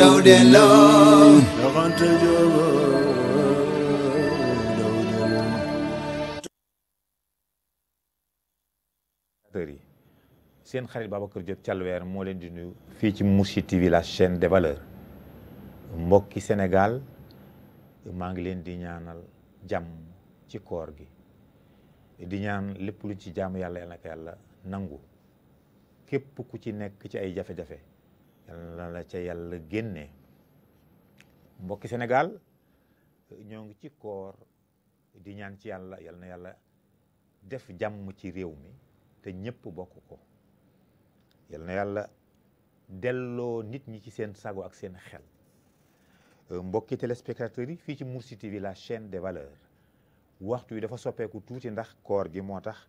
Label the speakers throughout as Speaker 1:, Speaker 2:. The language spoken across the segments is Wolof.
Speaker 1: Daouda seen xarit kër Diop Thialwer moo leen di nuyu fii ci musiti TV la chaîne mbokki Sénégal maa ngi leen di ñaanal jàmm ci koor gi di ñaan lépp lu ci jaamu yàlla yàlla na ko yàlla nangu képp ku ci nekk ci ay jafe-jafe yal na la ca yàlla génne mbokki Sénégal ñoo ngi ci koor di ñaan ci yàlla yal na yàlla def jàmm ci réew mi te ñëpp bokk ko yal na yàlla delloo nit ñi ci seen sago ak seen xel euh, mbokki téléspectateurs yi fii ci Mourchid TV la chaîne des valeurs waxtu wi dafa soppeeku tuuti ndax koor gi moo tax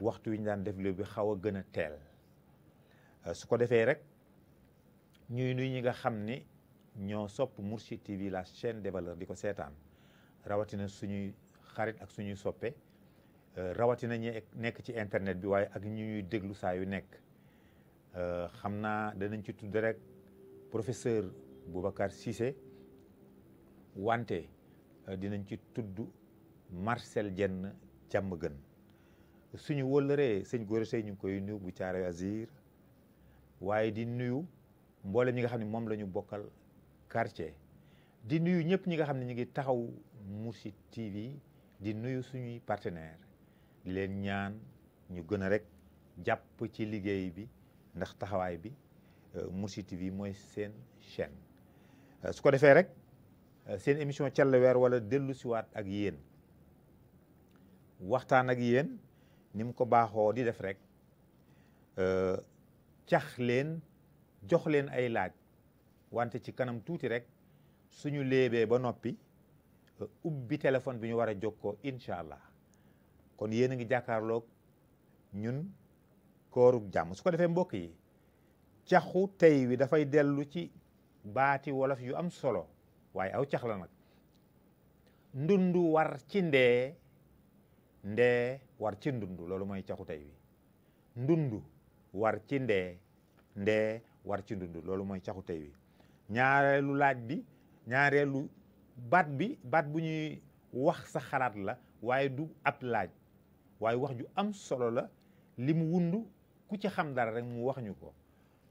Speaker 1: waxtu wi ñu daan def léegi bi xaw a gën a teel euh, su ko defee rek ñuy nuyu ñi nga xam ni ñoo sopp Mourchid TV la chaîne des di ko seetaan rawatina suñuy xarit ak suñuy soppe euh, rawatina ñi nekk ci internet bi waaye ak ñu ñuy déglu saa yu nekk euh, xam naa danañ ci tudd rek professeur Boubacar wante euh, dinañ ci tudd Marcel Diène jàmm gën suñu wëllëree sëñ Gora Seye ñu ngi koy nuyu bu Thiaroye Azir waaye di nuyu mboolem ñi nga xam ne moom la ñu bokkal quartier di nuyu ñëpp ñi nga xam ne ñu ngi taxaw Mourchid TV di nuyu suñuy partenaire leen ñaan ñu gën a rek jàpp ci liggéey bi ndax taxawaay bi euh, Mourchid TV mooy seen chaîne euh, su ko defee rek euh, seen émission Call Weer wala dellu siwaat ak yéen waxtaan ak yéen ni ko baaxoo di def rek cax leen jox leen ay laaj wante ci kanam tuuti rek suñu léebee ba noppi euh, ubbi téléphone bi ñu war a jokkoo incha allah kon yéen a ngi jàkkaarloog ñun koorug jàmm su ko defee mbokk yi caxu tey wi dafay dellu ci baati wolof yu am solo waaye aw cax la nag ndundu war ci ndee ndee war ci ndundu loolu mooy caxu tey wi ndundu war ci ndee ndee war ci dund loolu mooy caxu tey wi ñaareelu laaj bi ñaareelu baat bi baat bu ñuy wax sa xalaat la waaye du ab laaj waaye wax ju am solo la lim mu wund ku ci xam dara rek mu wax ñu ko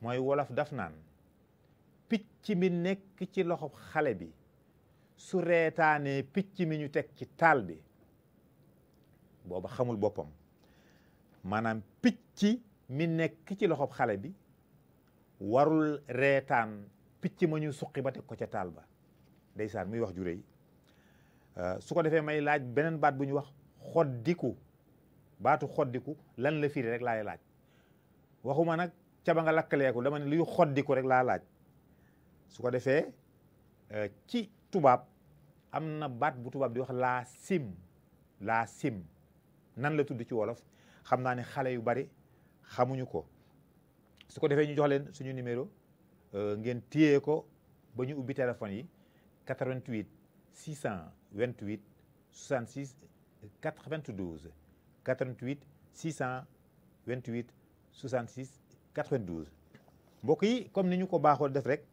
Speaker 1: mooy wolof daf naan picc mi nekk ci loxo xale bi su reetaanee picc mi ñu teg ci taal bi booba xamul boppam maanaam picc mi nekk ci loxo xale bi warul reetaan picc ma ñu suqi ba teg ko ca taal ba ndeysaan muy wax ju rëy euh, su ko defee may laaj beneen baat bu ñu wax xoddiku baatu xoddiku lan la firi rek laa laaj waxuma nag ca ba nga lakkaleeku dama ne luy xoddiku rek laa laaj su ko defee euh, ci tubaab am na baat bu tubaab di wax laa sim laa sim nan la tudd ci wolof xam naa ne xale yu bari xamuñu ko su ko defee ñu jox leen suñu numéro euh, ngeen téye ko ba ñu ubbi téléphone yi 88 628 66 92 88 628 66 92. mbokk yi comme ni ñu ko baaxoo def rek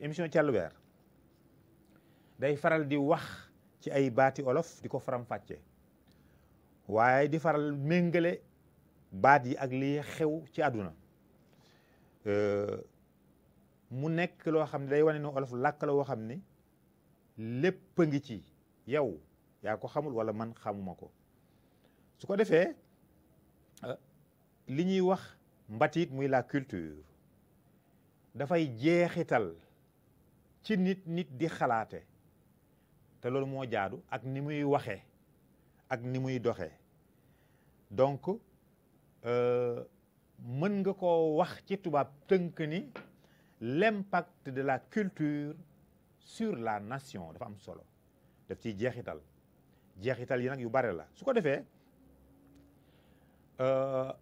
Speaker 1: émission Càllu Weer day faral di wax ci ay baati olof di ko faram-fàcce waaye di faral méngale baat yi ak li xew ci àdduna Euh, mu nekk loo xam ne day wane ne olof làkk la woo xam ni lépp a ngi ci yow yaa ko xamul wala man xamuma ko su ko defee euh, li ñuy wax mbatit muy la culture dafay jeexital ci nit nit di xalaate te loolu moo jaadu ak ni muy waxee ak ni muy doxee donc. Euh, mën nga koo wax ci tubaab tënk ni l'impact de la culture sur la nation dafa am solo daf ciy jeexital jeexital yi nag yu bare la su ko defee euh,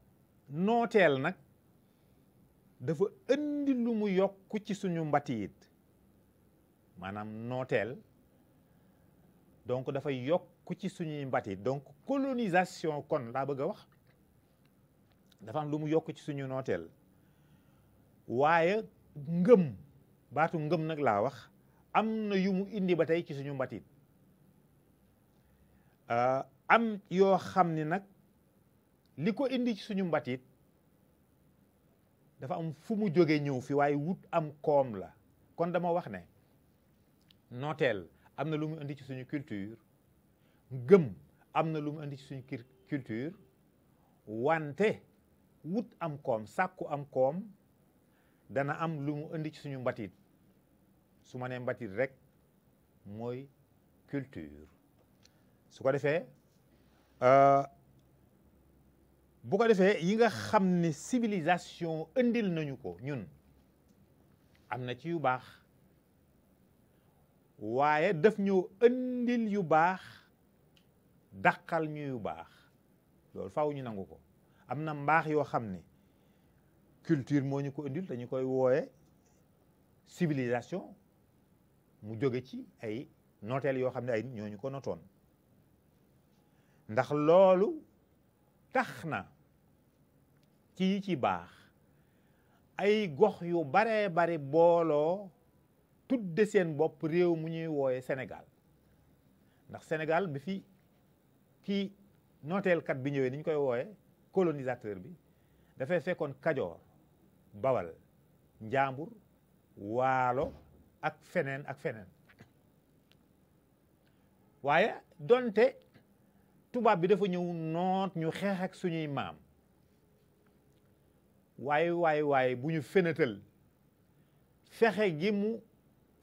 Speaker 1: nooteel nag dafa indi lu mu yokk ci suñu mbatiit maanaam nooteel donc dafa yokk ci suñuy mbatiit donc colonisation kon laa bëgg a wax dafa am lu mu yokk ci suñu nooteel waaye ngëm baatu ngëm nag laa wax am na yu mu indi ba tey ci suñu mbatit ah, am yoo xam ni nag li ko indi ci suñu mbatit dafa am fu mu jóge ñëw fi waaye wut am koom la kon dama wax ne nooteel am na lu mu indi ci suñu culture ngëm am na lu mu indi ci suñu culture wante wut am koom sàkku am koom dana am lu mu indi ci suñu mbatit su ma nee mbatit rek mooy culture su ko defee euh, bu ko defee yi nga xam ne civilisation indil nañu ko ñun am na ci yu baax waaye def ñëw indil yu baax dàqal ñu yu baax loolu faw ñu nangu ko am na mbaax yoo xam ne culture moo ñu ko indil dañu koy wooye civilisation mu jóge ci ay nooteel yoo xam ne ay ñoo ñu ko notoon ndax loolu tax na ci yi ci baax ay gox yu bare bari booloo tudde seen bopp réew mu ñuy wooye Sénégal ndax Sénégal bi fi kii kat bi ñëwee ni ñu koy wooye colonisateur bi dafay fekkoon kajoor bawal njaambur waalo ak feneen ak feneen waaye donte tubaab bi dafa ñëw noot ñu xeex ak suñuy maam waaye waaye waaye bu ñu fenatal fexe gi mu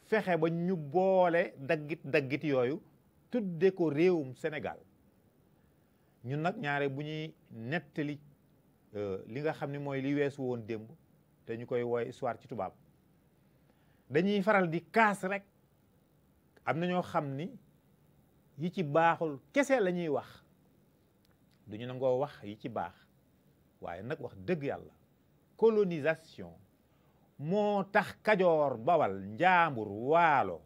Speaker 1: fexe ba ñu boole daggit daggit yooyu tudde ko réewum Sénégal ñun nag ñaare bu ñuy nettali euh, li nga xam ni mooy li weesu woon démb te ñu koy wooye histoire ci tubaab dañuy faral di kaas rek am na ñoo xam ni yi ci baaxul kese lañuy ñuy wax duñu nangoo wax yi ci baax waaye nag wax dëgg yàlla colonisation moo tax kajoor bawal njaambur waalo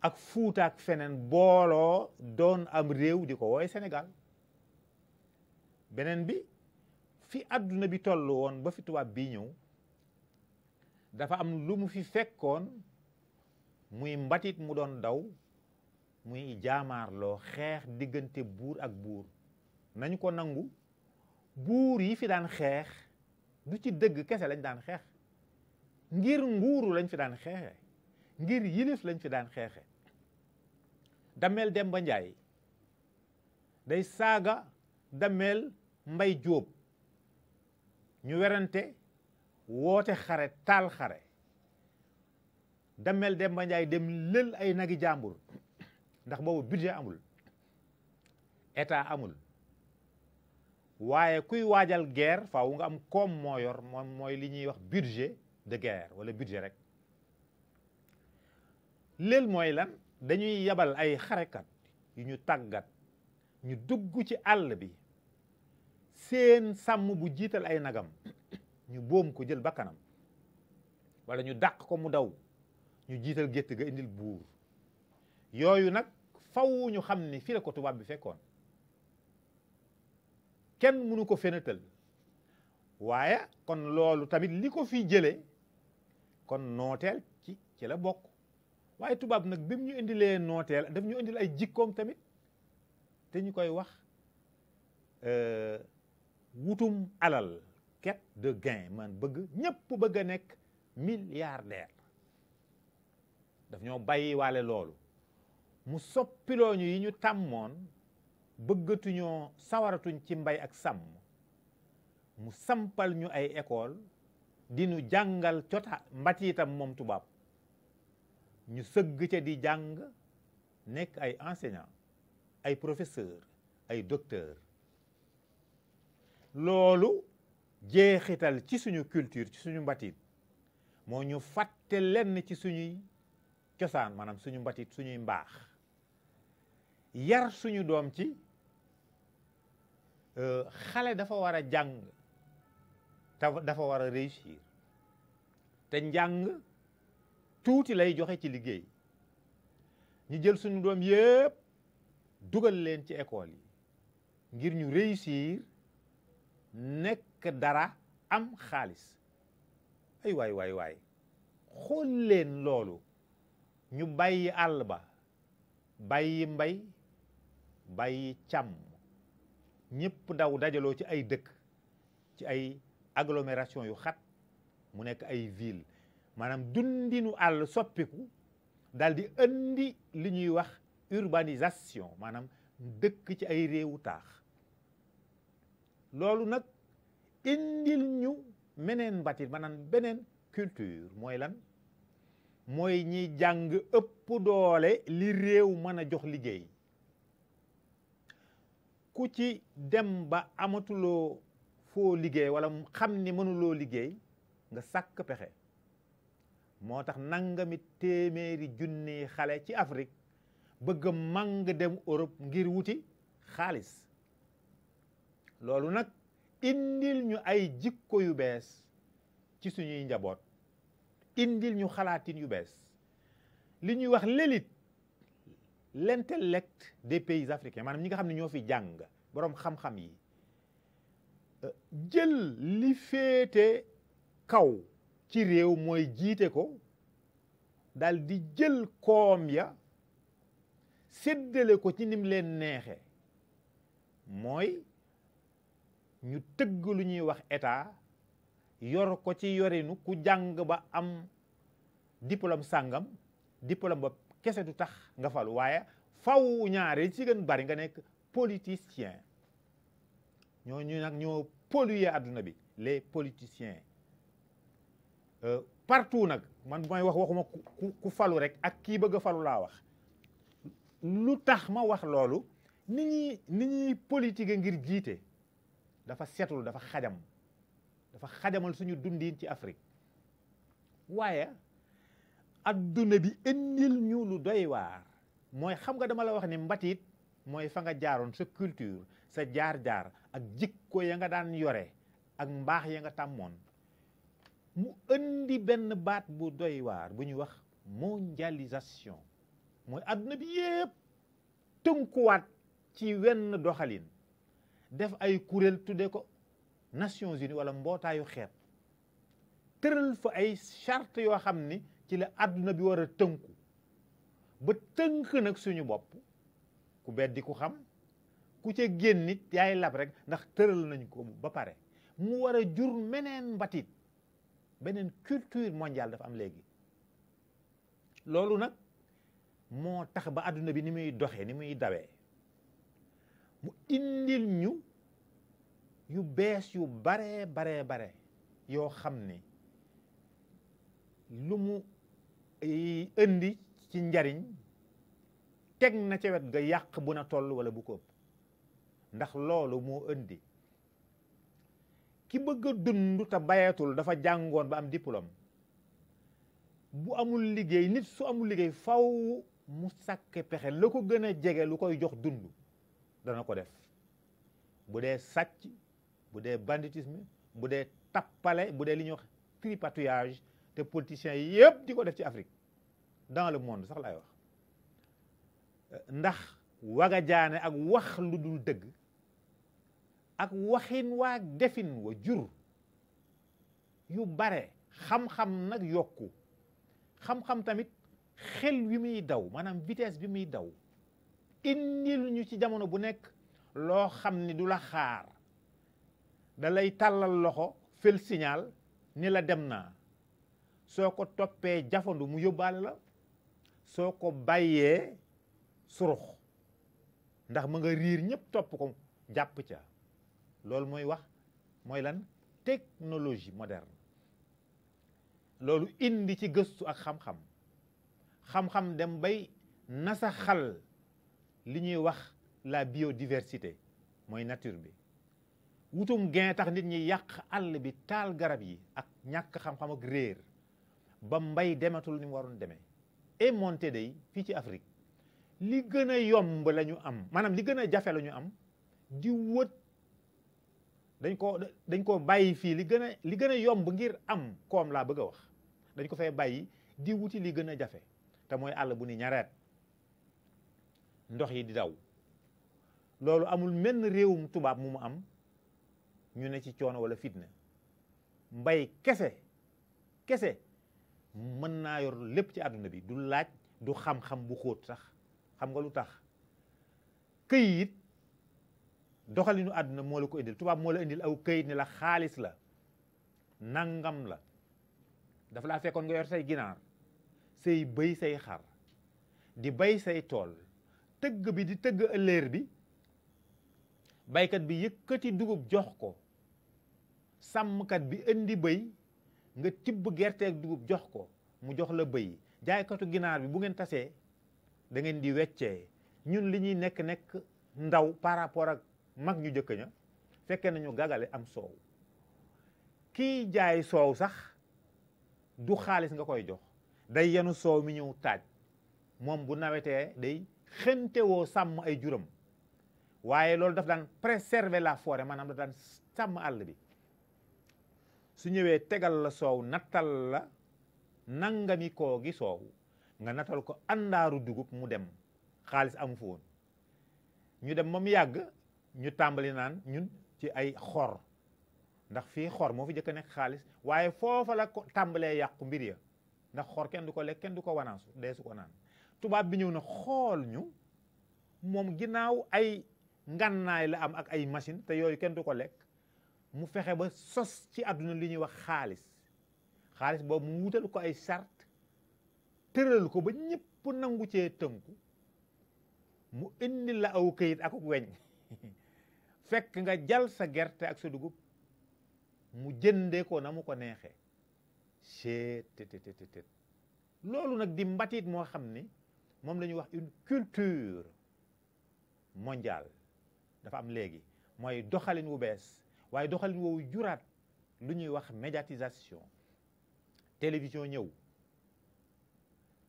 Speaker 1: ak fuutaak feneen booloo doon am réew di ko wooy Sénégal beneen bi fi àdduna bi toll woon ba fi tubaab bii ñëw dafa am lu mu fi fekkoon muy mbatit mu doon daw muy jaamaar loo xeex diggante buur ak buur nañ ko nangu buur yi fi daan xeex du ci dëgg kese lañ daan xeex ngir nguuru lañ fi daan xeexe ngir yilif lañ fi daan xeexe Damel Demba Njaay day saaga dammeel mbay jóob ñu werante woote xare taal xare dammeel Demba Njaay dem lël ay nagi jàmbur ndax boobu budget amul état amul waaye kuy waajal guerre faaw nga am koom moo yor moom mooy li ñuy wax budget de guerre wala budget rek lël mooy lan dañuy yabal ay xarekat yu ñu tàggat ñu dugg ci àll bi seen sàmm bu jiital ay nagam ñu boom ko jël bakkanam wala ñu dàq ko mu daw ñu jiital gétt ga indil buur yooyu nag faw ñu xam ni fi la ko tubaab bi fekkoon kenn mënu ko fenatal waaye kon loolu tamit li ko fi jële kon nooteel ci ci la bokk waaye tubaab nag bi mu ñu indilee nooteel daf ñu indil ay jikkoom tamit te ñu koy wax euh, wutum alal quête de gain man bëgg ñépp bëgg a nekk milliardaire daf ñoo bàyyi waale loolu mu soppiloo yi ñu tàmmoon bëggatuñoo sawaratuñ ci mbay ak sàmm mu sampal ñu ay école di nu jàngal cota mbatiitam moom tubaab ñu sëgg ca di jàng nekk ay enseignant ay professeur ay docteur loolu jeexital ci suñu culture ci suñu mbatit moo ñu fàtte lenn ci suñuy cosaan maanaam suñu mbatit suñuy mbaax yar suñu doom ci euh, xale dafa war a jàng te dafa war a réussir te njàng tuuti lay joxe ci liggéey ñu jël suñu doom yépp dugal leen ci école yi ngir ñu réussir nekk dara am xaalis ay waay waay waay xool leen loolu ñu bàyyi àll ba bàyyi mbay bàyyi càmm ñëpp daw dajaloo ci ay dëkk ci ay agglomération yu xat mu nekk ay ville maanaam dundinu àll soppiku daal di indi li ñuy wax urbanisation maanaam dëkk ci ay réewu taax loolu nag indil ñu meneen mbatit maanaam beneen culture mooy lan mooy ñi jàng ëpp doole li réew mën a jox liggéey ku ci dem ba amatuloo foo liggéey wala xam ni mënuloo liggéey nga sàkk pexe moo tax nangami téeméeri junni xale ci Afrique bëgg a màng dem Europe ngir wuti xaalis loolu nag indil ñu ay jikko yu bees ci suñuy njaboot indil ñu xalaatin yu bees li ñuy wax l'élite l'intellect des pays africains maanaam ñi nga xam ne ñoo fi jàng boroom xam-xam yi euh, jël li féete kaw ci réew mooy jiite ko dal di jël koom ya séddale ko ci nim leen neexe mooy ñu tëgg lu ñuy wax état yor ko ci yorinu ku jàng ba am diplôme sàngam diplôme ba kese du tax nga falu waaye faw ñaare ci gën bari nga nekk ñoo ñu nag ñoo polluer àdduna bi les politiciens euh, partout nag man mooy wax waxuma ku ku falu rek ak kii bëgg a falu laa wax lu tax ma wax loolu ni ñuy ni ñuy politique ngir jiite dafa setul dafa xajam dafa xajamal suñu dundin ci Afrique waaye adduna bi indil ñu doy waar mooy xam nga dama la wax ni mbatit mooy fa nga jaaroon sa culture sa jaar-jaar ak jikko ya nga daan yore ak mbaax ya nga tàmmoon mu indi benn baat bu doy waar bu ñuy wax mondialisation mooy adduna bi yépp tënkuwaat ci wenn doxaliin def ay kuréel tudde ko Nations Unies wala mbootaayu xeet tëral fa ay charte yoo xam ni ci la àdduna bi war a tënku ba tënk nag suñu bopp ku beddi ku xam ku ca génn nit yaay lab rek ndax tëral nañ ko ba pare mu war a jur meneen mbatit beneen culture mondiale dafa am léegi loolu nag moo tax ba àdduna bi ni muy doxee ni muy dawee mu indil ñu yu bees yu bare baree bare yoo xam ni lu mu indi ci njariñ teg na ca wet ga yàq bu na toll wala bu ko ëpp ndax loolu moo indi ki bëgg a dund te bayatul dafa jàngoon ba am diplôme bu amul liggéey nit su amul liggéey faw mu sàkke pexe la ko gën a jege lu koy jox dund dana ko def bu dee sàcc bu dee banditisme bu dee tappale bu dee li ñuy wax tripatouillage te politiciens yëpp di ko def ci Afrique dans le monde sax laay wax ndax waga jaane ak wax lu dul dëgg ak waxin waa defin wa jur yu bare xam-xam nag yokku xam-xam tamit xel wi muy daw maanaam vitesse bi muy daw indil ñu ci jamono bu nekk loo xam ni du la xaar dalay tàllal loxo fël signal ni la dem naa soo ko toppee jafandu mu yóbbaale la soo ko bàyyee surux ndax ma nga riir ñëpp topp ko jàpp ca loolu mooy wax mooy lan technologie moderne loolu indi ci gëstu ak xam-xam xam-xam dem bay nasaxal li ñuy wax la bio diversité mooy nature bi wutum gain tax nit ñi yàq àll bi taal garab yi ak ñàkk xam-xam ak réer ba mbay dematul ni mu waroon demee et monté day fii ci Afrique li gën a yomb lañu am maanaam li gën a jafe la ñu am di wët dañ ko dañ ko bàyyi fii li gën a li gën a yomb ngir am koom laa bëgg a wax dañ ko fee bàyyi di wuti li gën a jafe te mooy àll bu ni ñareet ndox yi di daw loolu amul menn réewum tubaab mu mu am ñu ne ci coono wala fitna mbay kese kese mën naa yor lépp ci àdduna bi du laaj du xam-xam bu xóot sax xam nga lu tax këyit doxalinu àdduna moo la ko indil tubaab moo la indil aw këyit ne la xaalis la nangam la dafa laa fekkoon nga yor say ginaar say bëy say xar di bay say tool tëgg bi di tëgg ëlléer bi baykat bi yëkkati dugub jox ko sàmmkat bi indi bëy nga tibb gerte ak dugub jox ko mu jox la bëy jaaykatu ginaar bi bu ngeen tasee da ngeen di wecce ñun li ñuy nekk nekk ndaw par rapport ak mag ñu jëkk ña fekke nañu gagale am soow kiy jaay soow sax du xaalis nga koy jox day yenu soow mi ñëw taaj moom bu nawetee day xente sàmm ay juram waaye loolu daf daan préserver la foore maanaam daf daan sàmm àll bi su ñëwee tegal la soow nattal la nangami koo gi soow nga nattal ko àndaaru dugub mu dem xaalis amu fa woon ñu dem moom yàgg ñu tàmbali naan ñun ci ay xor ndax fii xor moo fi jëkk nekk xaalis waaye foofa la ko tàmbalee yàqu mbir ya ndax xor kenn du ko lekk kenn du ko wanaasu dee su ko naan tubaab bi ñëw na xool ñu moom ginnaaw ay ngànnaay la am ak ay machine te yooyu kenn du ko lekk mu fexe ba sos ci àdduna li ñuy wax xaalis xaalis boobu mu wutal ko ay sart tëral ko ba ñëpp nangu cee tënku mu indi la aw këyit ak weñ fekk nga jal sa gerte ak sa dugub mu jëndee ko na mu ko neexee seet loolu nag di mbatit moo xam ni moom la ñuy wax une culture mondiale dafa am léegi mooy doxalin wu bees waaye doxalin woowu juraat lu ñuy wax médiatisation télévision ñëw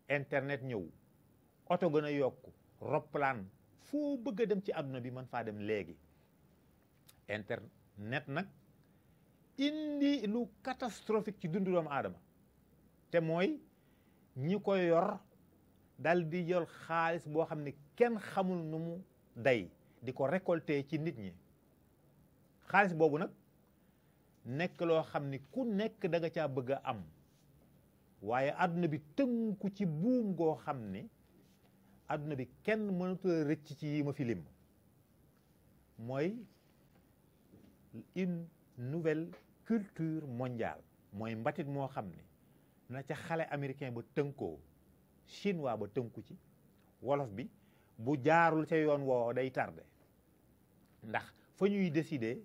Speaker 1: internet ñëw oto gën a yokk roplaan foo bëgg a dem ci àdduna bi mën faa dem léegi internet nag indi lu catastrophique ci dundu doomu aadama te mooy ñi ko yor dal di jël xaalis boo xam ne kenn xamul nu mu day di ko récolter ci nit ñi xaalis boobu nag nekk loo xam ni ku nekk danga nga caa bëgg a am waaye àdduna bi tënku ci buum goo xam ni àdduna bi kenn mënatu rëcc ci yi ma fi lim mooy une nouvelle culture mondiale mooy mbatit moo xam ne na ca xale américain ba tënkoo chinois ba tënku ci wolof bi bu jaarul ca yoon woow day tardé ndax fa ñuy décider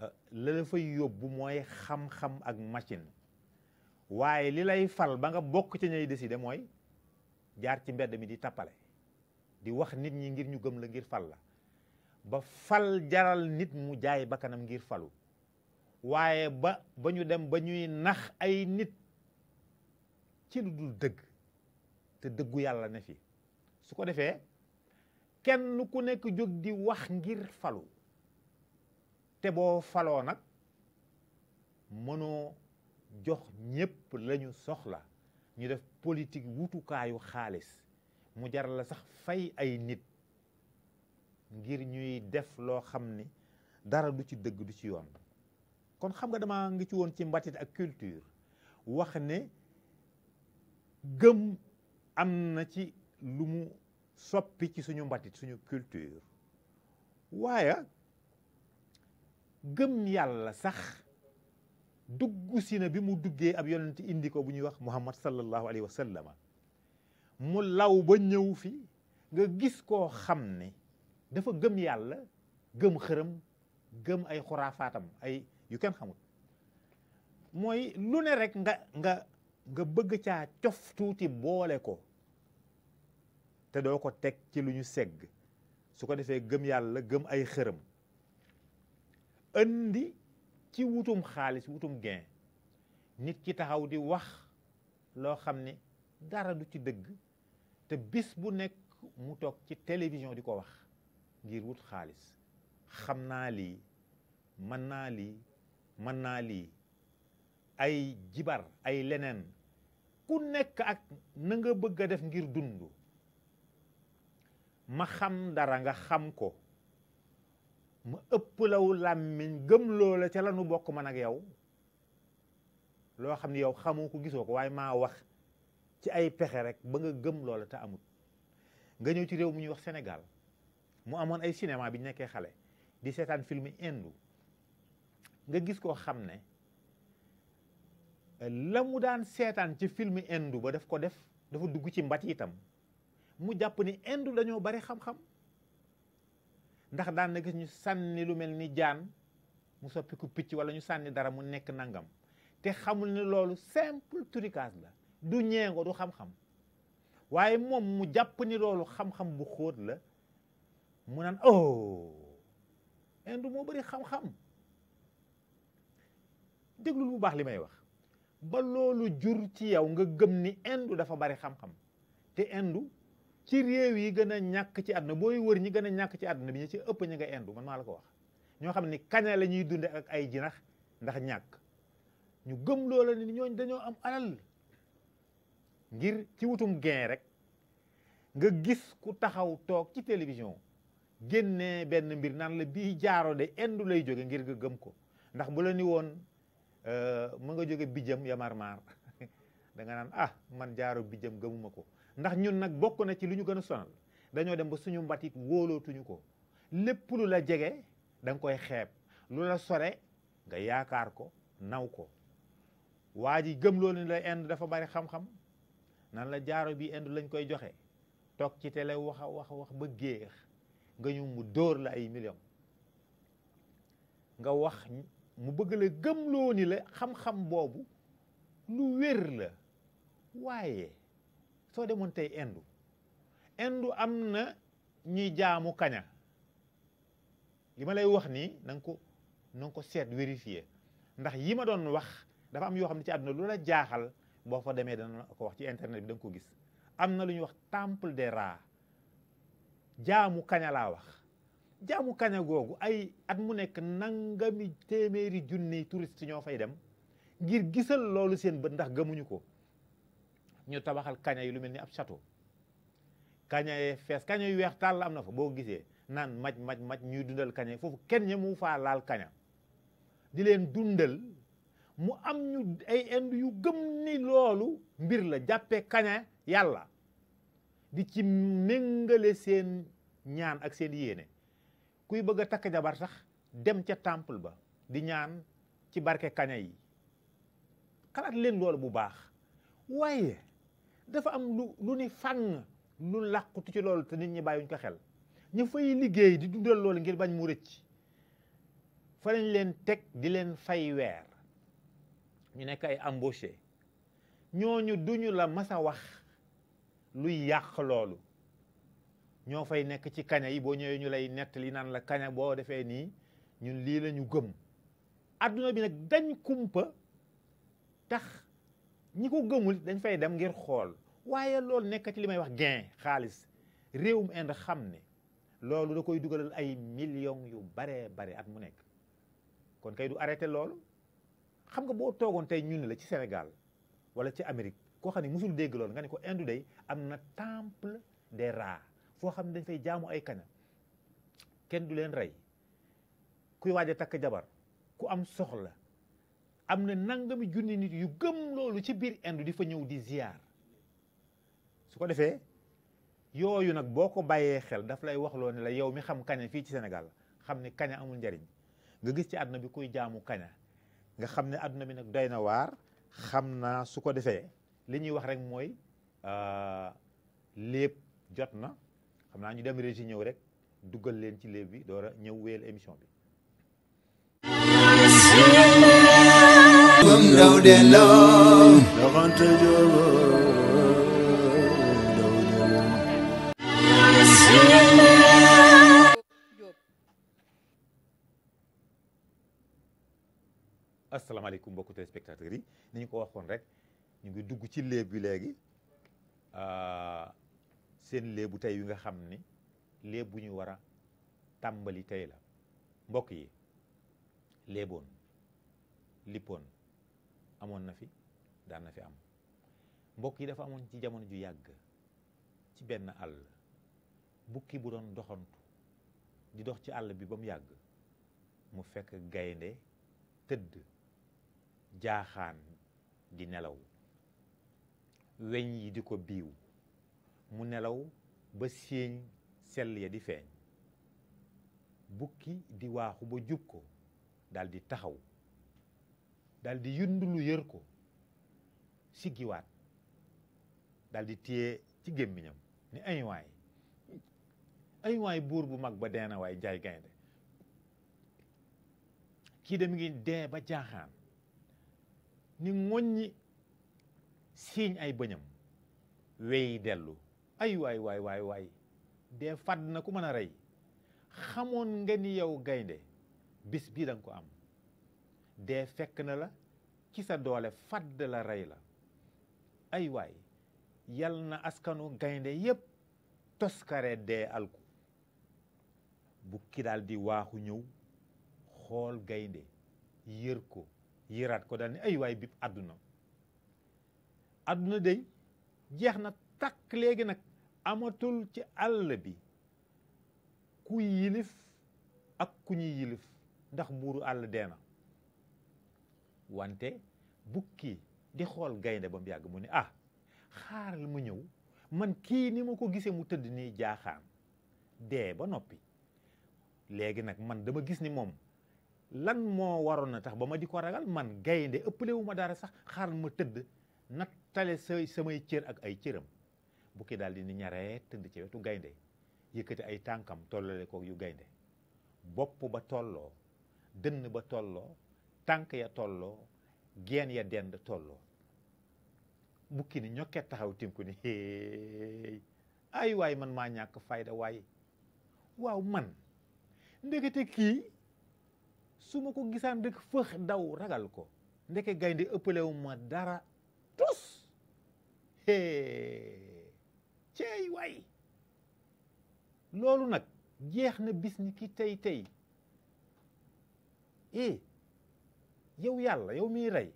Speaker 1: euh, la la yóbbu mooy xam-xam ak machine waaye li lay fal ba nga bokk ca ñay décider mooy jaar ci mbedd mi di tappale di wax nit ñi ngir ñu gëm la ngir fal la ba fal jaral nit mu jaay bakkanam ngir falu waaye ba ba ñu dem ba ñuy nax ay nit ci lu dul dëgg te dëggu yàlla ne fi su ko defee kenn ku nekk jóg di wax ngir falu te boo faloo nag mënoo jox ñépp lañu soxla ñu def politik wutukaayu xaalis mu jar la sax fay ay nit ngir ñuy def loo xam ni dara du ci dëgg du ci yoon kon xam nga dama ngi ci woon ci mbatit ak culture wax ne gëm am na ci lu mu soppi ci suñu mbatit suñu culture waaye gëm yàlla sax dugg si na bi mu duggee ab yonent indi ko bu ñuy wax muhammad sallallahu alayhi wa sallama mu law ba ñëw fi nga gis koo xam ni dafa gëm yàlla gëm xërëm gëm ay xuraafaatam ay yu kenn xamul mooy lu ne rekk nga nga nga bëgg caa cof tuuti boole ko te doo ko teg ci lu ñu segg su ko defee gëm yàlla gëm ay xërëm andi ci wutum xaalis wutum gain nit ki taxaw di wax loo xam ni dara du ci dëgg te bis bu nekk mu toog ci télévision di ko wax ngir wut xaalis xam naa lii mën naa lii mën naa lii ay jibar ay leneen ku nekk ak na nga bëgg a def ngir dund ma xam dara nga xam ko ma ëpp law làmmiñ gëm loola ca lanu bokk ma ak yow loo xam ne yow xamu ko gisoo ko waaye maa wax ci ay pexe rek ba nga gëm loola te amut nga ñëw ci réew mu ñuy wax senegal mu amoon ay cinéma bi nekkee xale di seetaan film indu nga gis koo xam ne la mu daan seetaan ci film indu ba daf ko def dafa dugg ci mbat itam mu jàpp ni Inde dañoo bari xam-xam ndax daan na gis ñu sànni lu mel ni jaan mu soppi ku picc wala ñu sànni dara mu nekk nangam te xamul ni loolu simple trucage la du ñeengo du xam-xam waaye moom mu jàpp ni loolu xam-xam bu xóot la mu naan oh Inde moo bari xam-xam déglul bu baax li may wax ba loolu jur ci yow nga gëm ni Inde dafa bari xam-xam te Inde ci réew yi gën a ñàkk ci àdduna booy wër ñi gën a ñàkk ci àdduna bi ñu ci ëpp ñu nga indu man maa la ko wax ñoo xam ni kaña la ñuy dunde ak ay jinax ndax ñàkk ñu gëm loola ni ñooñ dañoo am alal ngir ci wutum gain rek nga gis ku taxaw toog ci télévision génnee benn mbir naan la bii jaaro de indu lay jóge ngir nga gëm ko ndax bu la ni woon euh, mu nga jóge bijam yamar maar danga naan ah man jaaro bijam gëmuma ko ndax ñun nag bokk na ci lu ñu gën a sonal dañoo dem ba suñu mbatit wóolootuñu ko lépp lu la jege danga koy xeeb lu la sore nga yaakaar ko naw ko waa ji gëm loolu ni la indi dafa bari xam nan la jaaro bi ind lañ koy joxe toog ci télé wax a wax wax ba géex nga ñu mu dóor la ay million nga wax mu bëgg la gëmloo ni la xam-xam boobu lu wér la waaye soo demoon tey indo indo am na ñuy jaamu kaña li ma lay wax nii na ko na ko seet vérifier ndax yi ma doon wax dafa am yoo xam ne ci àdduna lu la jaaxal boo fa demee dana ko wax ci internet bi da ko gis am na lu ñuy wax temple des rats jaamu kaña laa wax jaamu kaña googu ay at mu nekk nangami téeméeri junni touriste ñoo fay dem ngir gisal loolu seen bët ndax gëmuñu ko ñu tabaxal kaña yi lu mel ni ab château kaña yi fees kaña yu weex tàll am na fa boo gisee naan maj maj maj ñuy dundal kaña yi foofu kenn ñi mu faa laal kaña di leen dundal mu am ñu ay ind yu gëm ni loolu mbir la jàppe kaña yàlla di ci méngale seen ñaan ak seen yéene kuy bëgg a takk jabar sax dem ca temple ba di ñaan ci barke kaña yi xalaat leen loolu bu baax dafa am lu lu ni fànn lu làqutu ci loolu te nit ñi bàyyiwuñ ko xel ñu fay liggéey di dundal loolu ngir bañ mu rëcc fa leen teg di leen fay weer ñu nekk ay embauché ñooñu duñu la mas wax luy yàq loolu ñoo fay nekk ci kaña yi boo ñëwee ñu lay yi naan la kaña boo defee nii ñun lii lañu ñu gëm adduna bi nag dañ kumpa tax ñi ko gëmul dañ fay dem ngir xool waaye loolu nekk ci li may wax gain xaalis réewum Inde xam ne loolu da koy dugalal ay millions yu baree bare at mu nekk kon kay du arrêté loolu xam nga boo toogoon tey ñun la ci Sénégal wala ci Amérique koo xam ne mosul dégg loolu nga ne ko Inde day am na temple des rats foo xam ne dañ fay jaamu ay kaña kenn du leen rey kuy waaj a takk jabar ku am soxla am na nangami junni nit yu gëm loolu ci biir Inde di fa ñëw di ziyaar su ko defee yooyu nag boo ko bàyyee xel daf lay wax loo ne la yow mi xam kaña fii ci senegal xam ne kaña amul njariñ nga gis ci àdduna bi kuy jaamu kaña nga xam ne àdduna bi nag doy na waar xam naa su ko defee li ñuy wax rek mooy euh, léeb jot na xam naa ñu dem régi ñëw rek duggal leen ci léeb bi door a ñëw wéyal émission bi doom daw delloo doxante yi ni ko waxoon rek ñu ngi dugg ci léeb bi léegi ah, seen léebu tey wi nga xam ni léeb bu ñu war a tàmbali tey la mbokk yi léeboon lippoon amoon na fi daan na fi am mbokk yi dafa amoon ci jamono ju yàgg ci benn àll bukki bu doon doxantu di dox ci àll bi ba mu yàgg mu fekk gaynde tëdd jaaxaan di nelaw weñ yi di ko biiw mu nelaw ba siiñ sell ya di feeñ bukki di waaxu ba jub ko daal di taxaw daal di yundulu yër ko siggiwaat daldi di ci gémmiñam ni ay waay ay waay buur bu mag ba dee na waay njaay gaynde kii de ngi dee ba jaaxaan ni ŋoññi siiñ ay bëñam weyi dellu ay waay waay waay waay dee fàdd na ku mën a rey xamoon nga ni yow gaynde bis bii danga ko am dee fekk na la ci sa doole fàdd la rey la ay waay yal na askanu gaynde yépp toskare dee alku bukki daal waaxu ñëw xool gaynde yër ko yëraat ko daal ni ay waay bib àdduna àdduna day jeex na takk léegi nag amatul ci àll bi ku yilif ak ku ñuy yilif ndax buuru àll dee na wante bukki di xool gaynde ba mu yàgg mu ne ah xaaral ma ñëw man kii ni ma ko gisee mu tëdd nii jaaxaan dee ba noppi léegi nag man dama gis ni moom lan moo waroon na tax ba ma di ko ragal man gaynde ëppale wu ma dara sax xaaral ma tëdd tale say samay cër ak ay cëram bukki dal di ni ñaree tëdd ci wetu gaynde yëkkati ay tànkam tollale ko yu gaynde bopp ba tolloo dënn ba tolloo tànk ya tolloo geen ya dend tolloo bukki ni ñokket taxaw tim ko ni ay waay man maa ñàkk fayda waay waaw man ndekete kii su ma ko gisaan rek fëx daw ragal ko ndeke gaynde ëppalewu dara tus ceey waay loolu nag jeex na bis ni ki tey tey eh yow yàlla yow miy rey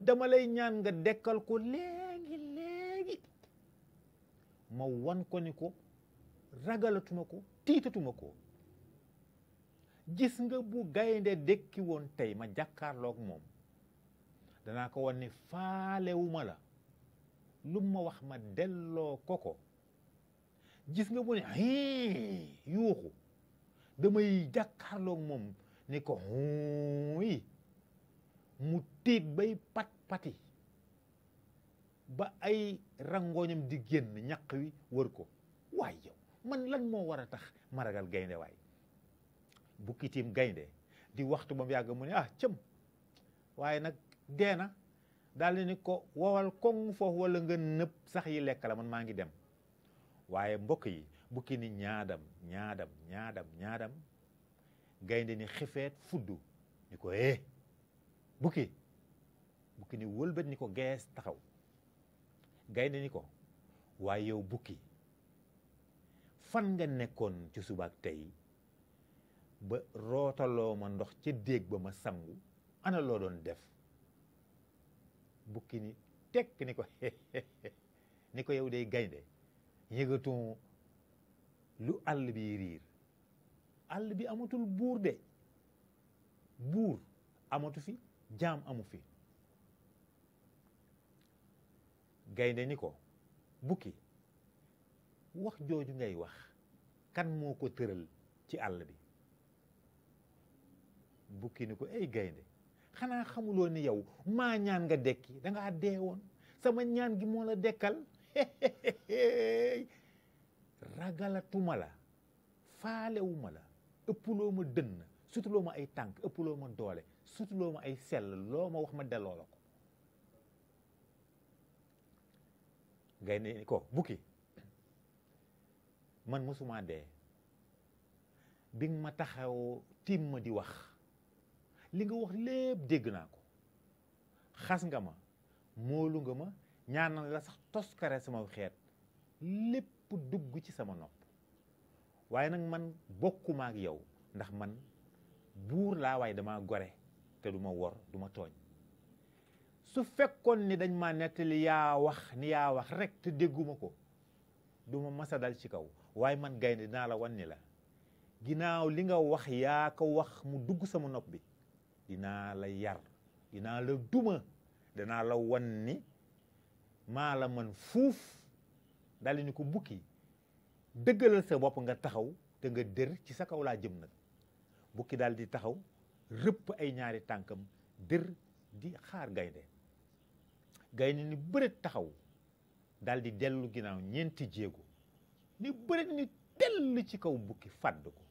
Speaker 1: dama lay ñaan nga dekkal ko léegi léegi ma wan ko ni ko ragalatuma ko tiitatuma ko gis nga bu gaynde dekki woon tey ma jàkkaarloog moom danaa ko wan ni faalewuma la lu ma wax ma delloo ko ko gis nga bu ne yuuxu damay jàkkaarloog moom ni ko yi mu tiit bay pat pati ba ay rangooñam di génn ñaq wi wër ko waay yow man lan moo war a tax ma ragal gaynde waay bukkitiim gaynde di waxtu ba mu yàgg mu ne ah cëm waaye nag dee na daal di ni ko wowal koŋ foofu wala nga nëb sax yi lekk la man maa ngi dem waaye mbokk yi bukki ni ñaadam ñaadam ñaadam ñaadam gaynde ni xifeet fudd ni ko eh bukki bukki ni wëlbat ni ko gees taxaw gaynde ni ko waaye yow bukki fan nga nekkoon ci suba tey ba rootaloo ma ndox ca déeg ba ma sangu ana doon def bukki ni tekk ni ko ni ko yow day gaynde yëgatoo lu àll bi riir àll bi amatul buur de buur amatu fi jaam amu fi gaynde ni ko bukki wax jooju ngay wax kan moo ko tëral ci àll bi bukki ni ko ay gaynde xanaa xamuloo ni yow maa ñaan nga dekki da ngaa dee woon sama ñaan gi moo la dekkal ragalatuma la faalewuma la ëpp loo ma dënn sutuloo ma ay tànk ëppuloo ma doole surtout loo ma ay sell loo ma wax ma delloo la ko gaynde ko bukki man mësuma dee bi nga ma taxawoo tiim ma di wax li nga wax lépp dégg naa ko xas nga ma moolu nga ma ñaanal la sax toskare sama xeet lépp dugg ci sama nopp waaye nag man bokkumaak yow ndax man buur laa waaye dama gore te du ma wor du ma tooñ su fekkoon ni dañ ma nettali yaa wax ni yaa wax rekk te dégguma ko du ma masa dal ci kaw waaye man gaynde dinaa la wan ni la ginnaaw li nga wax yaa ko wax mu dugg sama nopp bi dinaa la yar dinaa la duma danaa la wan ni maa la man fuuf dal ni ko bukki dëggalal sa bopp nga taxaw te nga dër ci sa kaw laa jëm nag bukki daal di taxaw rëpp ay ñaari tànkam dër di xaar gaynde gaynde ni bërët taxaw daal di dellu ginnaaw ñeenti jéego ni bërët ni dell ci kaw bukki fàdd ko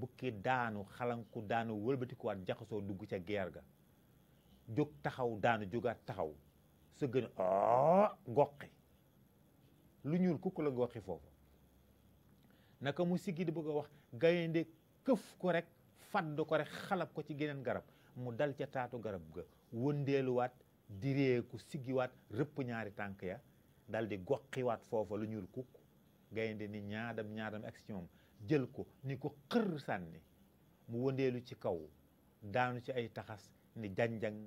Speaker 1: bukki daanu xalanku daanu wëlbatikuwaat jaxasoo dugg ca geer ga jóg taxaw daanu jógaat taxaw sa gën a goqi lu ñuul kukku la goqi foofu naka mu siggi di bëgg wax gaynde këf ko rek fadd ko rek xalab ko ci geneen garab mu dal ca taatu garab ga wëndeeluwaat direeku siggiwaat rëpp ñaari tànk ya dal di goqiwaat foofa lu ñuul kukk gaynde ni ñaadam ñaadam ak si ñoom jël ko ni ko xër sànni mu wëndeelu ci kaw daanu ci ay taxas ni janjang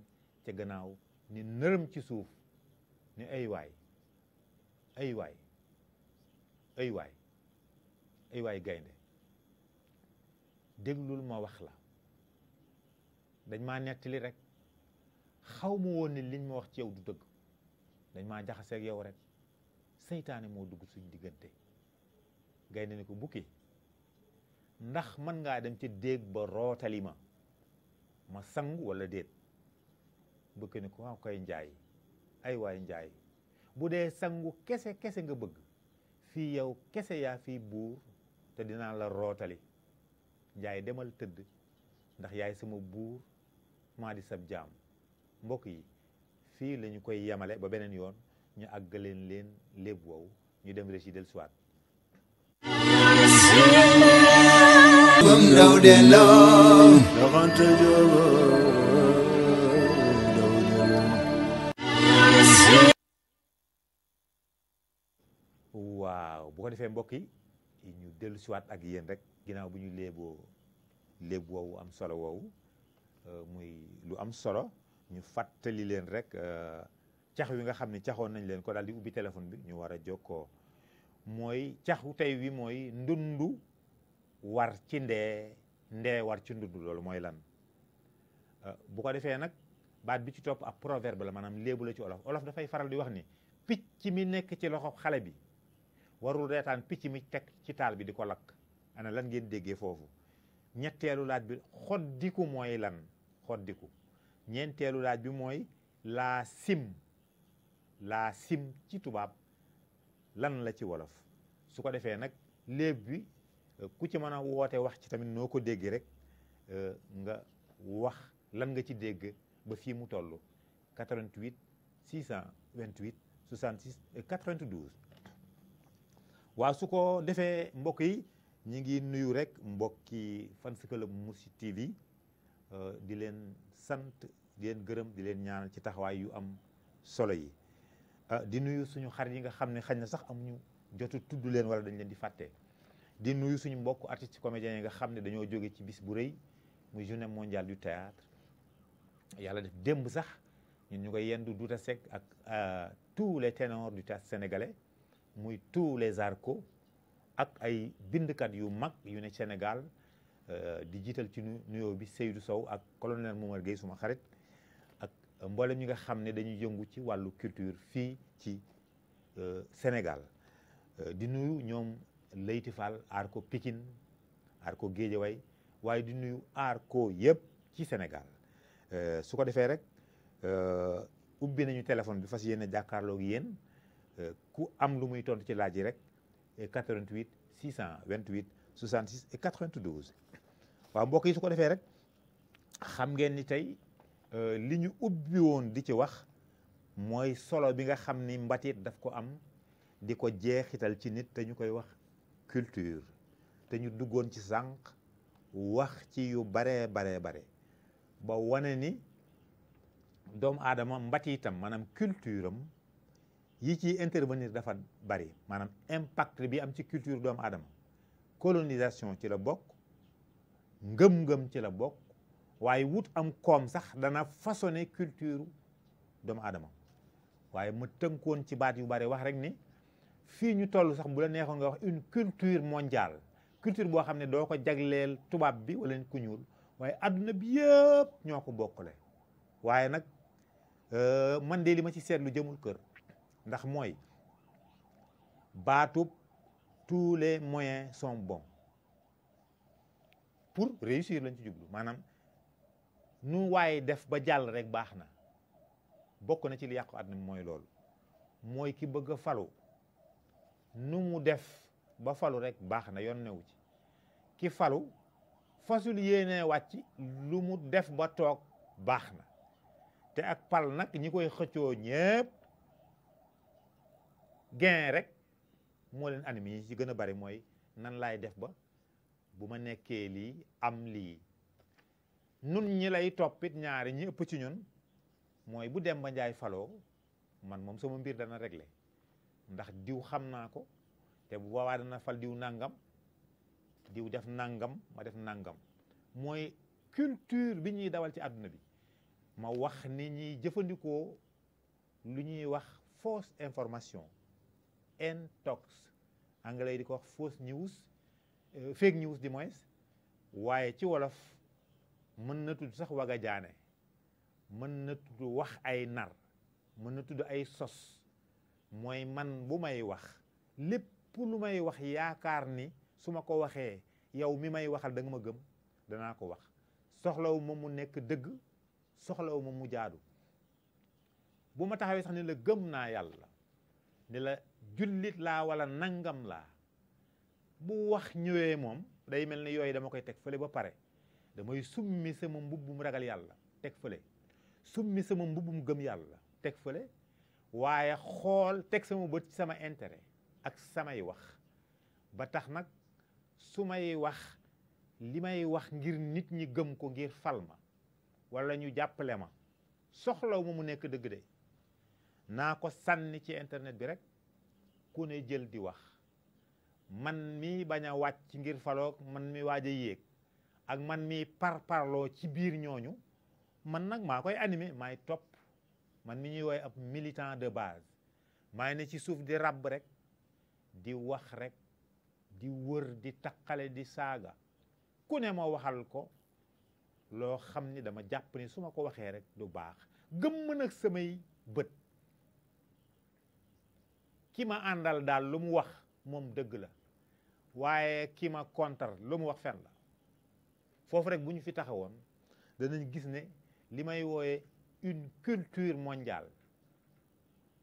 Speaker 1: ca gannaaw ni nërëm ci suuf ni ay waay ay ay waay gaynde déglul ma wax la dañ maa nettali rek xaw ma woon ni liñ ma wax ci yow du dëgg dañ ma jaxaseeg yow rek seytaane moo dugg suñ diggante gaynde ni ko bukki ndax man ngaa dem ci déeg ba rootali ma ma sangu wala déet bëgg ni ko waaw koy njaay ay waay njaay bu dee sangu kese kese nga bëgg fii yow kese yaa fi buur te dinaa la rootali njaay demal tëdd ndax yaay sama buur maa di sab jaam mbokk yi fii lañu koy yemale ba beneen yoon ñu àggaleen leen léeb wow ñu dem rëcc del suwaat bam waaw bu ko defee mbokk yi ñu dellu siwaat ak yéen rek ginnaaw bu ñu leeboo léeb woowu am solo woowu euh, muy lu am solo ñu fàttali leen rek euh, cax wi nga xam ne caxoon nañ leen ko daal di ubbi téléphone bi ñu war a jokkoo mooy caxu tey wi mooy ndundu war ci ndee ndee war ci ndundu loolu mooy lan euh, bu ko defee nag baat bi ci topp ab proverbe la maanaam léebu la ci olof olof dafay faral di wax ni picc mi nekk ci loxo xale bi warul reetaan picc mi teg ci taal bi di ko lakk ana lan ngeen déggee foofu ñetteelu laaj bi xoddiku mooy lan xoddiku ñeenteelu laaj bi mooy laa sim laa sim ci tubaab lan la ci wolof su ko defee nag léeb bi euh, ku ci mën a woote wax ci tamit noo ko déggee rek euh, nga wax lan nga ci dégg ba fii mu toll 88 628 66 92 waaw su ko defee mbokk yi ñi ngi nuyu rek mbokki fan si club Mourchid TV euh, di leen sant di leen gërëm di leen ñaanal ci taxawaay yu am solo yi euh, di nuyu suñu xar yi nga xam ne xañ na sax amuñu jotu tudd leen wala dañ leen di fàtte di nuyu suñu mbokk artistes comédiens yi nga xam ne dañoo jóge ci bis bu rëy muy journée mondiale du théâtre yàlla def démb sax ñu koy yendu du Douta Seck ak euh, tout les ténors du théâtre sénégalais muy tous les arcos ak ay bindkat yu mag yu ne Sénégal euh, di jiital ci nuyoo bi Seydou Sow ak colonel Momar Gueye suma xarit ak mboolem ñi nga xam ne dañuy jëngu ci wàllu culture fii ci euh, senegal euh, di nuyu ñoom Leyti Fall arco Pikine arco Guédiawaye waaye di nuyu arco yëpp ci Sénégal su ko defee rek ubbi nañu téléphone bi fas yéene jàkkaarloog yen ku am lu muy tontu ci laaj yi rek 88 628 66 et 92. waaw mbokk yi su ko defee rek xam ngeen ni tey euh, li ñu ubbi woon di ci wax mooy solo bi nga xam ni mbatit daf ko am di ko jeexital ci nit te ñu koy wax culture te ñu duggoon ci sànq wax ci yu baree baree bare ba wane ni doomu aadama mbatitam maanaam culture am yi ci intervenir dafa bari maanaam impact bi am ci culture doomu adama colonisation ci la bokk ngëm-ngëm ci la bokk waaye wut am koom sax dana façonne culture doomu aadama waaye ma woon ci baat yu bari wax rek ni fii ñu toll sax bu la neexoo nga wax une culture mondiale culture boo xam ne doo ko jagleel tubaab bi wala ku ñuul waaye àdduna bi yëpp ñoo ko bokkule waaye nag euh, man de li ma ci seetlu jëmul kër ndax mooy baatub tous les moyens sont bons pour réussir lañ ci jublu maanaam nu waaye def ba jàll rek baax na bokk na ci li yàqu àdduna mooy loolu mooy ki bëgg a falu nu mu def ba falu rek baax na yoon newu ci ki falu fasul yéene wàcc lu mu def ba toog baax na te ak pal nag ñi koy xëccoo ñépp gain rek moo leen animé yi ci gën a bari mooy nan laay def ba bu ma nekkee lii am lii nun ñi lay toppit ñaari ñi ëpp ci ñun mooy bu dem ba Njaay faloo man moom sama mbir dana réglé ndax diw xam naa ko te bu boobaa dana fal diw nangam diw def nangam ma def nangam mooy culture bi ñuy dawal ci àdduna bi ma wax ni ñuy jëfandikoo lu ñuy wax fausse information intox anglais di ko wax fausse news euh, fake news di moins waaye ci wolof mën na tudd sax waga jaane mën na tudd wax ay nar mën na tudd ay sos mooy man bu may wax lépp lu may wax yaakaar ni su ma ko waxee yow mi may waxal da ma gëm danaa ko wax soxlawu ma mu nekk dëgg soxlawu ma mu jaadu bu ma taxawee sax ni la gëm naa yàlla ni la jullit laa wala nangam laa bu wax ñëwee moom day mel ni yooyu dama koy teg fële ba pare damay summi sama mbubbum ragal yàlla teg fale summi sama mbubbum gëm yàlla teg fale waaye xool teg sama bët sama intérêt ak samay wax ba tax nag su may wax li may wax ngir nit ñi gëm ko ngir fal ma wala ñu jàppale ma soxlaw ma mu nekk dëgg de naa ko sànni ci internet bi rek ku ne jël di wax man mi bañ a ci ngir faloog man mi waaj yéeg ak man mi par parloo ci biir ñooñu man nag maa koy animé maay topp man mi ñuy woy ab militant de base maay ne ci suuf di ràbb rek di wax rek di wër di taqale di saaga ku ne ma waxal ko loo xam ni dama jàpp ni su ma ko waxee rek du baax gëmm nag samay bët ki ma àndal daal lu mu wax moom dëgg la waaye ki ma contre lu mu wax fen la foofu rek bu ñu fi taxawoon danañ gis ne li may wooye une culture mondiale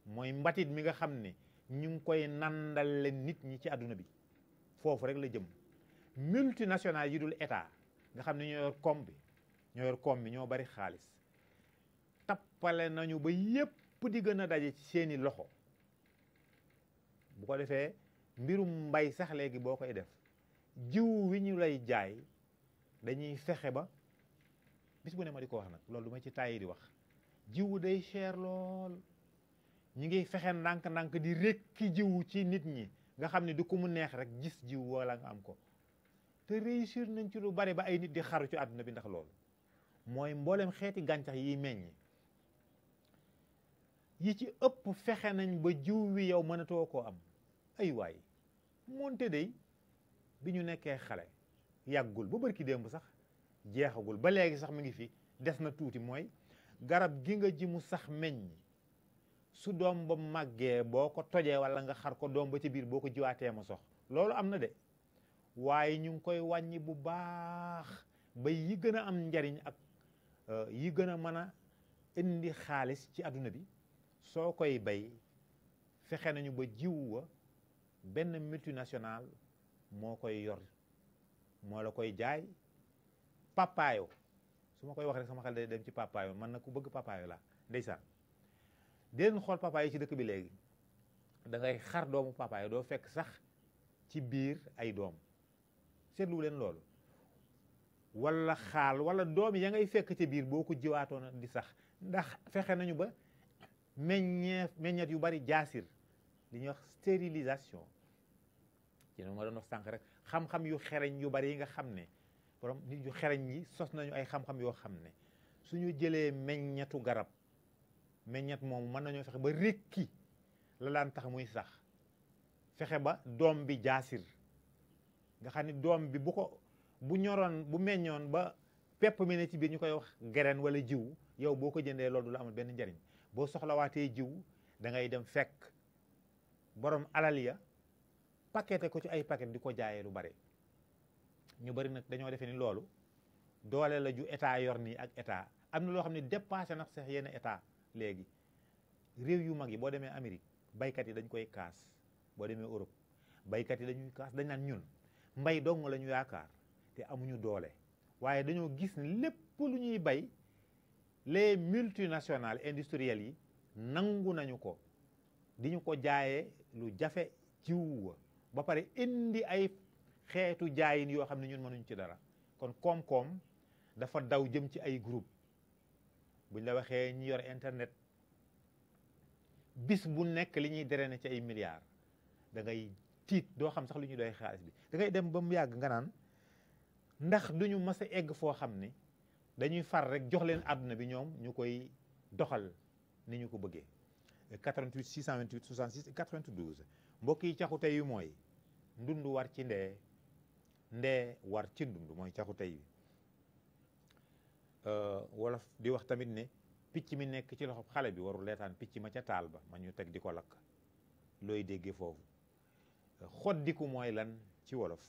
Speaker 1: mooy mbatit mi nga xam ne ñu ngi koy nandal leen nit ñi ci àdduna bi foofu rek la jëm multinationale yi dul état nga xam ne ñoo yor koom bi ñoo yor koom bi ñoo bari xaalis tappale nañu ba yépp di gën a daje ci seeni loxo bu ko defee mbirum mbay sax léegi boo koy def jiw wi ñu lay jaay dañuy fexe ba bis bu ne ma di ko wax nag loolu du ma ci tàyyi di wax jiwu day cher lool ñu ngi fexe ndànk-ndànk di rekki jiw ci nit ñi nga xam ne di ko mu neex rek gis jiw wala nga am ko te réussir nañ ci lu bari ba ay nit di xaru ci àdduna bi ndax loolu mooy mboolem xeeti gàncax yi meññ yi ci ëpp fexe nañ ba jiw wi yow mënatoo koo am ay waay moonte day bi ñu nekkee xale yàggul ba bërki démb sax jeexagul ba léegi sax mu ngi fi des na tuuti mooy garab gi nga ji mu sax meññ su doom ba màggee boo ko tojee wala nga xar ko doom ba ci biir boo ko jiwaatee ma sox loolu am na de waaye ñu ngi koy wàññi bu baax ba yi gën a am njariñ ak euh, yi gën a mën a indi xaalis ci àdduna bi soo koy bay fexe nañu ba jiwu wa benn multinational moo koy yor moo la koy jaay papayo su ma koy wax rek sama xel day dem ci pàppaayo man na ku bëgg papayo la ndeysaan di leen xool papayo ci dëkk bi léegi dangay xar doomu papayo doo fekk sax ci biir ay doom seetlu leen loolu wala xaal wala doom ya ngay fekk ci biir boo ko jiwaatoon di sax ndax fexe nañu ba meññeef meññeet yu bari jaasir li ñuy wax stérilisation yéen ma doon wax sànq rek xam-xam yu xereñ yu bari yi nga xam ne borom nit yu xereñ yi sos nañu ay xam-xam yoo xam ne su ñu jëlee meññetu garab meññet moomu mën nañoo fexe ba rékki la daan tax muy sax fexe ba doom bi jaasir nga xam ne doom bi bu ko bu ñoroon bu meññoon ba pepp mi ne ci biir ñu koy wax graine wala jiw yow boo ko jëndee loolu du la amal benn njariñ boo soxlawaatee jiw da ngay dem fekk borom alal ya paqueté ko ci ay paquet di ko jaayee lu bari ñu bari nag dañoo defee ni loolu doole la ju état yor nii ak état am na loo xam ne dépassé nag seex yenn état léegi réew yu mag yi boo demee Amérique baykat yi dañ koy kaas boo demee Europe baykat yi dañuy kaas dañ naan ñun mbay dong lañu yaakaar te amuñu doole waaye dañoo gis ni lépp lu ñuy bay les multinationales industrielles yi nangu nañu ko di ñu ko jaayee lu jafe jiw ba pare indi ay xeetu jaayin yoo xam ne ñun mënuñ ci dara kon koom-koom dafa daw jëm ci ay groupe buñ la waxee ñi yor internet bis bu nekk li ñuy drainer ci ay milliards da ngay tiit doo xam sax lu ñuy doy xaalis bi dangay dem ba mu yàgg nga naan ndax duñu mës a egg foo xam ni dañuy far rek jox leen àdduna bi ñoom ñu koy doxal ni ñu ko bëggee 88 628 mbokk yi caxu tey wi mooy ndund war ci ndee ndee war ci ndund mooy caxu tey wi euh, wolof di wax tamit ne picc mi nekk ci loxo xale bi warul leetaan picc ma ca taal ba ma ñu teg di ko lakk looy déggee foofu xoddiku mooy lan ci wolof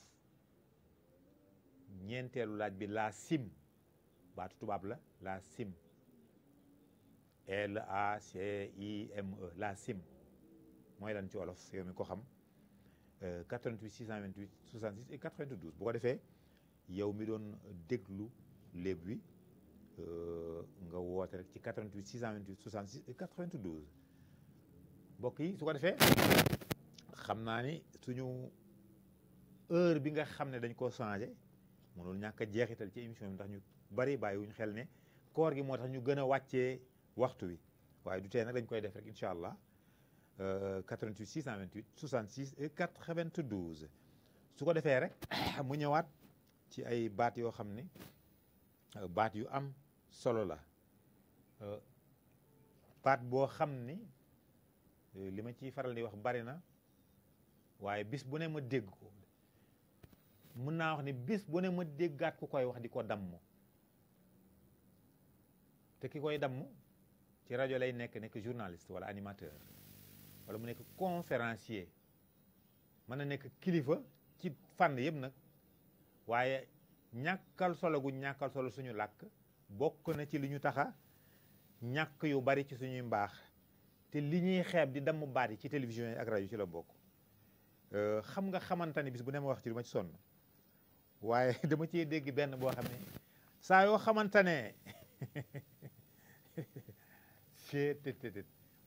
Speaker 1: ñeenteelu laaj bi laa sim baatu tubaab la laa sim E, la A la CIM mooy lan ci wolof yow mi ko xam 88 628 66 et 92 bu ko defee yow mi doon déglu léeb wi euh, nga woote rek ci 88 628 66 et 92 mbokk yi su ko defee xam naa ni suñu heure bi nga xam ne dañ koo changé mënul ñàkk a jeexital ci émission bi ndax ñu bari bàyyiwuñ xel ne koor gi moo tax ñu gën a wàccee. waxtu wi waaye du tee nag dañ koy def rek incha allah 88 628 66 et 92 su ko defee rek mu ñëwaat ci ay baat yoo xam ne euh, baat yu am solo la euh, baat boo xam ni euh, li ma ciy faral di wax bari na waaye bis bu ne ma dégg ko mun naa wax ni bis bu ne ma déggaat ku koy wax di ko damm te ki koy damm ci rajo lay nekk nekk journaliste wala animateur wala mu nekk conférencier mën na nekk kilifa ci fànn yëpp nag waaye ñàkkal solo gu ñàkkal solo suñu làkk bokk na ci lu ñu taxa ñàkk yu bari ci suñuy mbaax te li ñuy xeeb di dem baat yi ci télévision yi ak rajo ci la bokk euh, xam nga xamante ni bis bu ne wax ci du ma ci sonn waaye dama cee dégg benn boo xam saa yoo xamante cee tët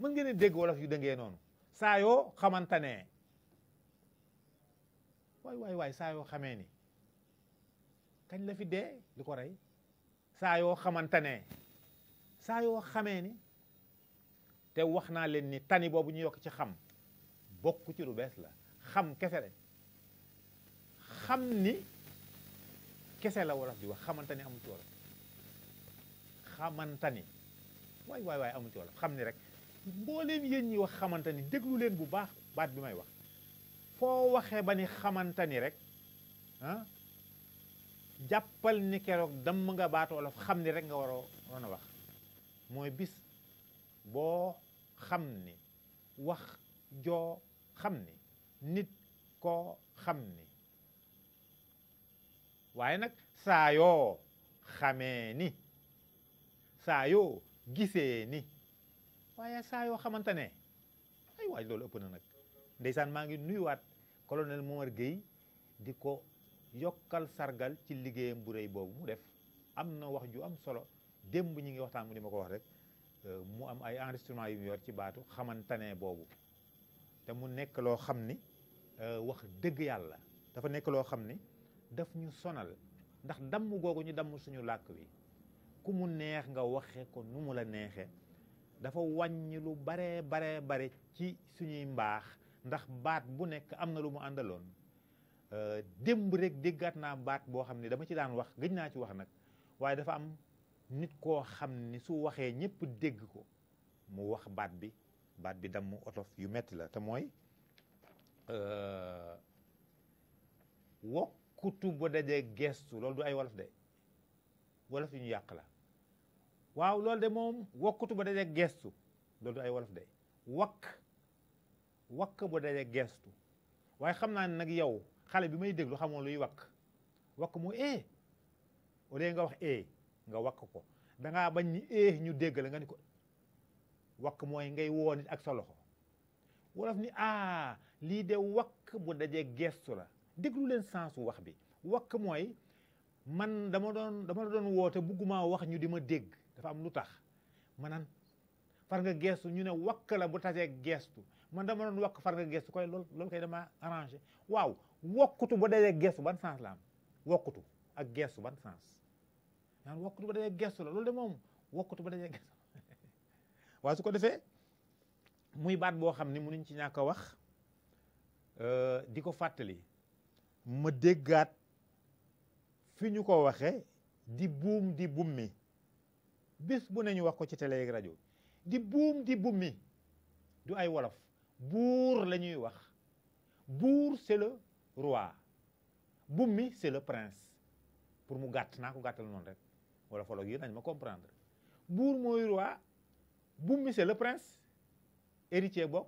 Speaker 1: mën ngeen a dégg wolof yu dëngee noonu saa yoo xamante ne waay waay waay saa yoo xamee ni kañ la fi dee li ko rey saa yoo xamante ne saa yoo xamee ni te wax naa leen ni tani boobu ñu yokk ci xam bokk ci lu bees la xam kese la xam ni kese la wolof di wax xamante ni amul ci wolof xamante waay waay waay amul ci wolof xam ni rek boo mbooleem yéen ñi wax xamante ni déglu leen bu baax baat bi may wax foo waxee ba ni xamante ni rek ah jàppal ni keroog damm nga baat wolof xam ni rek nga waroo waroon a wax mooy bis boo xam ni wax joo xam ni nit koo xam ni waaye nag saa yoo xamee ni saa yoo gisee ni waaye saa yoo xamante ne ay waay loolu ëpp na nag ndeysaan maa ngi nuyuwaat colonel Momar Gueye di ko yokkal sargal ci liggéeyam bu rëy boobu mu def am na wax ju am solo démb ñi ngi waxtaan mu di ma ko wax rek euh, mu am ay enregistrement yu yor ci baatu xamante ne boobu te mu nekk loo xam ni euh, wax dëgg yàlla dafa nekk loo xam ni daf ñu sonal ndax damm googu ñu damm suñu làkk wi ku mu neex nga waxe ko nu mu la neexee dafa wàññi lu bare bare bare ci suñuy mbaax ndax baat bu nekk am na lu mu àndaloon euh, démb rek déggaat naa baat boo xam ne dama ci daan wax gëj naa ci wax nag waaye dafa am nit koo xam ni su waxee ñëpp dégg ko mu wax baat bi baat bi damm otof yu metti la te mooy euh, wokkutu ba dajee gestu loolu du ay wolof de wolof yu ñu yàq la waaw loolu de moom wakkutu ba dajee gestu loolu ay wolof de wakk wakk ba dajee gestu waaye xam naa ne nag yow xale bi may déglu xamoo luy wakk wakk mu ee nga wax e, nga wakk ko dangaa bañ ni e ñu dégg la nga ni ko wakk mooy ngay woo ak sa loxo wolof ni aa ah, lii de wakk bu dajee gestu la déglu leen sensu wax bi wakk mooy man dama doon dama la doon woote bugguma wax ñu di ma dégg dafa am lu tax ma naan far nga geestu ñu ne wakk la bu tajee geestu man dama doon wakk far nga geestu koy lool loolu koy dama arrangé waaw wokkutu ba dajee geestu ban sens la am wokkutu ak geestu ban sens naan wokkutu ba dajee geestu la loolu de moom wokkutu ba dajee geestu waaw su ko defee muy baat boo xam ni mënuñ ci ñàkk a wax euh, di ko fàttali ma déggaat fi ñu ko waxee di buum di mi bés bu ne ñu wax ko ci télé ak rajo di buum di bummi du ay wolof buur la ñuy wax buur c'est le roi bummi c'est le prince pour mu gàtt naa ko gàttal noonu rek wolofologue yi nañ ma comprendre buur mooy roi bummi c'est le prince héritier bokk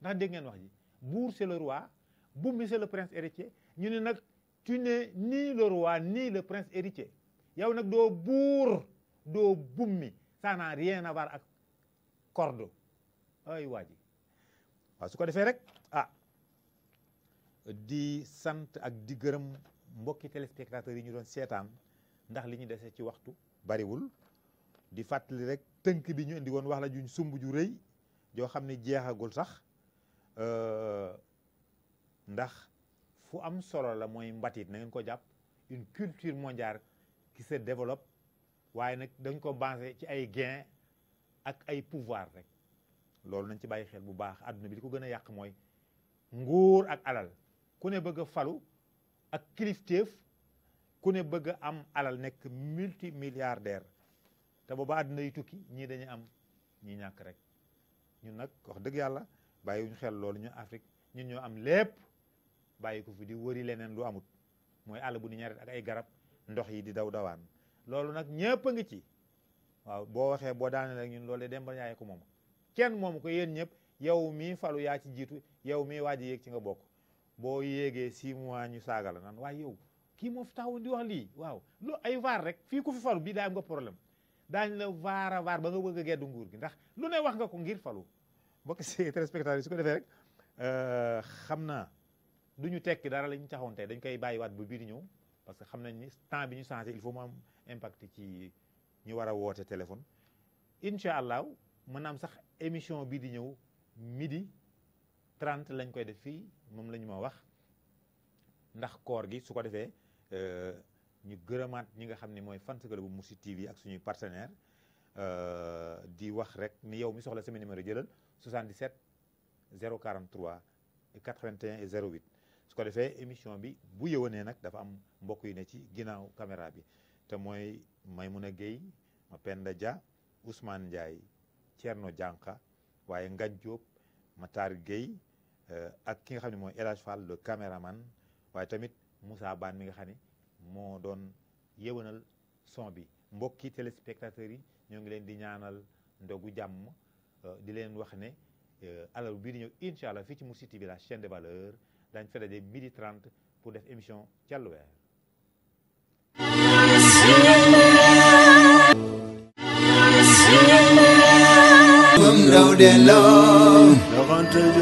Speaker 1: ndax dégg ngeen wax ji buur c'est le roi bummi c'est le prince héritier ñu ne nag tu n'es ni le roi ni le prince héritier yow nag doo buur doo bummi ça n'a rien a bar ak cordeau ay waa ji waaw su ko defee rek ah di sant ak di gërëm mbokki téléspectateurs yi ñu doon seetaan ndax li ñu desee ci waxtu bariwul di fàttali rek tënk bi ñu indi woon waxla la juñ sumb ju rëy joo xam ne jeexagul sax euh, ndax fu am solo la mooy mbatit na ngeen ko jàpp une culture mondiale ki se développe waaye nag dañ ko banse ci ay gain ak ay pouvoir rek loolu nañ ci bàyyi xel bu baax àdduna bi di ko gën a yàq mooy nguur ak alal ku ne bëgg a falu ak kilifteef ku ne bëgg a am alal nekk multimilliardaire te booba àdduna yi tukki ñii dañu am ñi ñàkk rek ñun nag wax dëgg yàlla bàyyi bàyyiwuñu xel loolu ñu Afrique ñun ñoo am lépp bàyyi ko fi di wëri leneen lu amut mooy àll bu ni ñaret ak ay garab ndox yi di daw dawaan loolu nag ñëpp a ngi ci waaw boo waxee boo daane rek ñun loolu de Demba Ndiaye ko moom kenn moom ko yéen ñëpp yow mii falu yaa ci jiitu yow mii waa ji yéeg ci nga bokk boo yéegee six mois ñu saaga la naan waaye yow kii moo fi taxawoon di wax lii waaw lu ay vaar rek fii ko fi falu bii daa am nga problème daañ la vaar a vaar ba nga bëgg a geddu nguur gi ndax lu ne wax nga ko ngir falu mbokk si téléspectateurs yi su ko defee rek euh, xam naa du ñu tekki dara la ñu taxawoon tey dañ koy bàyyiwaat ba bii di ñëw parce que xam nañ temps bi ñu changé il faut mu am impact ci ñu war a woote téléphone incha allah maanaam sax émission bii di ñëw midi 30 lañ koy def fii moom la ñu ma wax ndax koor gi su ko defee euh, ñu gërëmaat ñi nga xam ne mooy fans club bu Mourchid TV ak suñuy partenaire euh, di wax rek ni yow mi soxla sama numéro jëlal 77 043 81 et 08 su ko defee émission bi bu yëwanee nag dafa am mbokk yi ne ci ginnaaw caméra bi te mooy Maymuna Gueye Mapenda Dia Ousmane Ndiaye Thierno Dianka waaye Ngagne Diop Matar Gueye eh, ak ki nga xam ne mooy El Hadj Fall le caméraman waaye tamit Moussa Bane mi nga xam ne moo doon yéwanal son bi mbokki téléspectateurs yi ñoo ngi leen di ñaanal ndogu jàmm eh, di leen wax ne eh, alal bii di ñëw incha allah fii ci Mourchid TV la chaîne de valeur daañu fa de midi 30 pour def émission Càllu Weer down their love.